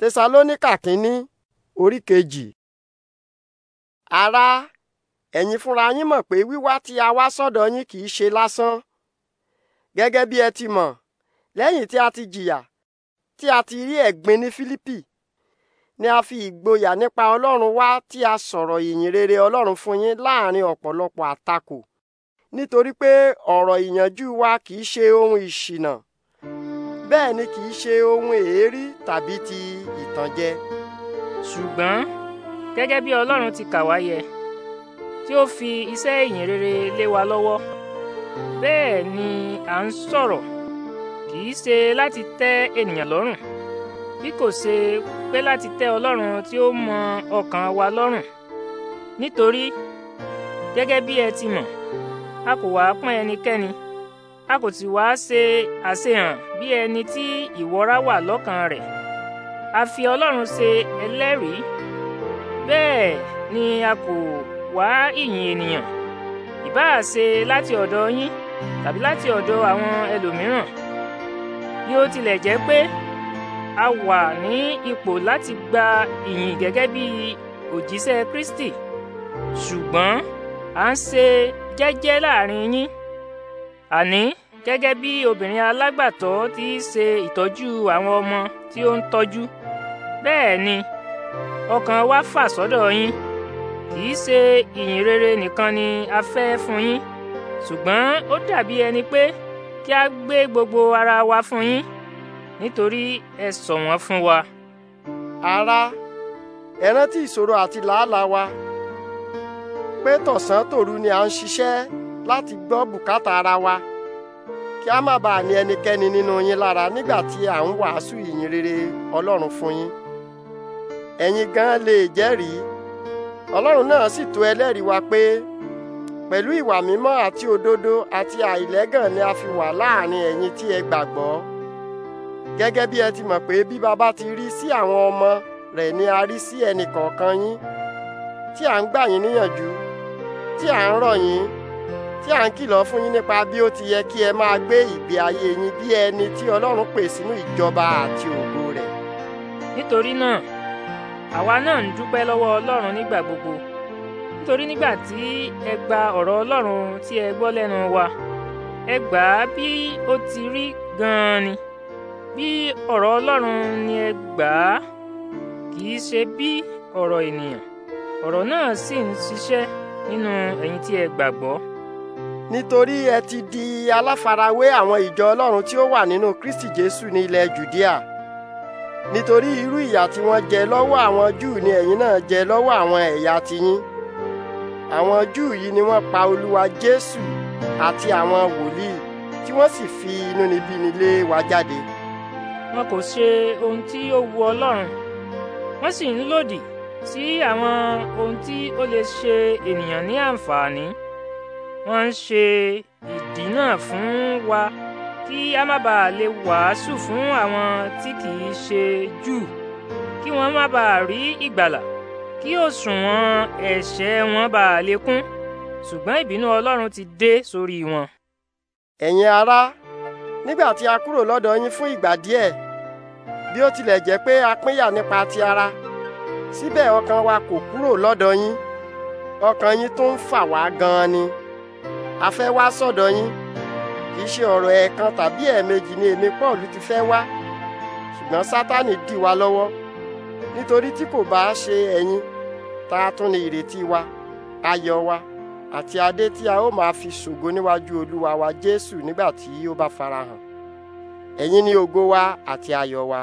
tẹsalóníkà kínní orí kejì. ará ẹ̀yin fúnra yín mọ̀ pé wíwá tí a wá sọ́dọ̀ yín kì í ṣe lásán gẹ́gẹ́ bí ẹ ti mọ̀ lẹ́yìn tí a ti jìyà tí a ti rí ẹ̀gbin ní Fílípì ni a fi ìgboyà nípa Ọlọ́run wá tí a sọ̀rọ̀ ìyìn rere Ọlọ́run fún yín láàrin ọ̀pọ̀lọpọ̀ àtakò nítorí pé ọ̀rọ̀ ìyànjú wa kì í ṣe ohun ìṣìnà bẹ́ẹ̀ ni kì í ṣe ohun èérí tàbí ti ìtànjẹ. ṣùgbọ́n gẹ́gẹ́ bí Ọlọ́run ti kà wá yẹ tí ó fi iṣẹ́ ìyìn rere lé wa lọ́wọ́ bẹ́ẹ̀ ni à ń sọ̀rọ̀ kì í ṣe láti tẹ́ ènìyàn lọ́rùn bí kò ṣe pé láti tẹ́ Ọlọ́run tí ó mọ ọkàn wa lọ́rùn nítorí gẹ́gẹ́ bí ẹ ti mọ̀ a kò wá pọ́n ẹnikẹ́ni a kò sì wá ṣe àṣehàn bí ẹni tí ìwọ́ra wà lọ́kàn rẹ̀ a fi Ọlọ́run ṣe ẹlẹ́rìí bẹ́ẹ̀ ni a kò wá ìyìn ènìyàn ìbáà ṣe láti ọ̀dọ̀ yín tàbí láti ọ̀dọ̀ àwọn ẹlòmíràn bí ó tilẹ̀ jẹ́ pé a wà ní ipò láti gba ìyìn gẹ́gẹ́ bí òjíṣẹ́ Kristi ṣùgbọ́n à ń ṣe jẹ́jẹ́ láàrin yín àní gẹ́gẹ́ bí obìnrin alágbàtọ́ ti ṣe ìtọ́jú àwọn ọmọ tí ó ń tọ́jú bẹ́ẹ̀ ni ọkàn wa fà sọ́dọ̀ yín kì í ṣe ìyìn rere nìkan ni a fẹ́ fún yín ṣùgbọ́n ó dàbí ẹni pé kí a gbé gbogbo ara wa fún yín nítorí ẹ ṣọ̀wọ́n fún wa. ará ẹ rántí ìṣòro àti làálàá wa pé tọ̀sán tòru ni à ń ṣiṣẹ́ láti gbọ́ bùkátà ara wa kí a má bàa ní ẹnikẹ́ni nínú yín lára nígbà tí à ń wàásù ìyìn rere Ọlọ́run fún yín ẹ̀yin gan lè jẹ́rìí Ọlọ́run náà sì tó ẹlẹ́rìí wa pé pẹ̀lú ìwà mímọ́ àti òdodo àti àìlẹ́gàn ni a fi wà láàrin ẹ̀yin tí ẹ gbàgbọ́ gẹ́gẹ́ bí ẹ ti mọ̀ pé bí baba ti rí sí àwọn ọmọ rẹ̀ ni a rí sí ẹnìkọ̀ọ̀kan yín tí à ń gbà yín níyànjú tí à ń rọ̀ yín tí à ń kìlọ̀ fún yín nípa bí ó ti yẹ kí ẹ máa gbé ìgbé ayé yín bí ẹni tí Ọlọ́run pè sínú ìjọba àti ògo rẹ̀. nítorí náà àwa náà ń dúpẹ́ lọ́wọ́ Ọlọ́run nígbà gbogbo nítorí nígbà tí ẹ gba ọ̀rọ̀ Ọlọ́run tí ẹ gbọ́ lẹ́nu wa ẹ gbà á bí ó ti rí gan-an ni bí ọ̀rọ̀ Ọlọ́run ni ẹ gbà á kì í ṣe bí ọ̀rọ̀ ènìyàn ọ̀rọ̀ náà sì ń ṣiṣẹ́ nínú ẹ̀yin tí ẹ gbàgbọ́ nítorí ẹ ti di aláfarawé àwọn ìjọ Ọlọ́run tí ó wà nínú Kristi Jésù ní ilẹ̀ Jùdíà nítorí irú ìyà tí wọ́n jẹ lọ́wọ́ àwọn Júù ni ẹ̀yin náà jẹ lọ́wọ́ àwọn ẹ̀yà tiyín àwọn Júù yìí ni wọ́n pa Olúwa Jésù àti àwọn wòlíì tí wọ́n sì fi inúnibíni lé wa jáde. wọn kò ṣe ohun tí ó wu Ọlọ́run wọ́n sì ń lòdì sí àwọn ohun tí ó lè ṣe ènìyàn ní àǹfààní wọ́n ń ṣe ìdínà fún wa kí a má bàa lè wàásù fún àwọn tí kì í ṣe Júù kí wọ́n má bàa rí ìgbàlà kí òṣùwọ̀n ẹ̀ṣẹ̀ wọn bàa lè kún ṣùgbọ́n ìbínú Ọlọ́run ti dé sórí wọn. ẹ̀yin ará nígbà tí a kúrò lọ́dọ̀ yín fún ìgbà díẹ̀ bí ó tilẹ̀ jẹ́ pé a pínyà nípa ti ara síbẹ̀ ọkàn wa kò kúrò lọ́dọ̀ yín ọkàn yín tó ń fà wá gan-an ni a fẹ́ wá sọ́dọ̀ yín kì í ṣe ọ̀rọ̀ ẹ̀ẹ̀kan tàbí ẹ̀ẹ̀mejì ni èmi Paul ti fẹ́ wá ṣùgbọ́n Sátánì dì wá lọ́wọ́ nítorí tí kò bá ṣe ẹ̀yin tá a tún ní ìrètí wa ayọ̀ wa àti adé tí a ó máa fi ṣògo níwájú Olúwa wa Jésù nígbà tí ó bá farahàn ẹ̀yin ni ògo wa àti ayọ̀ wa.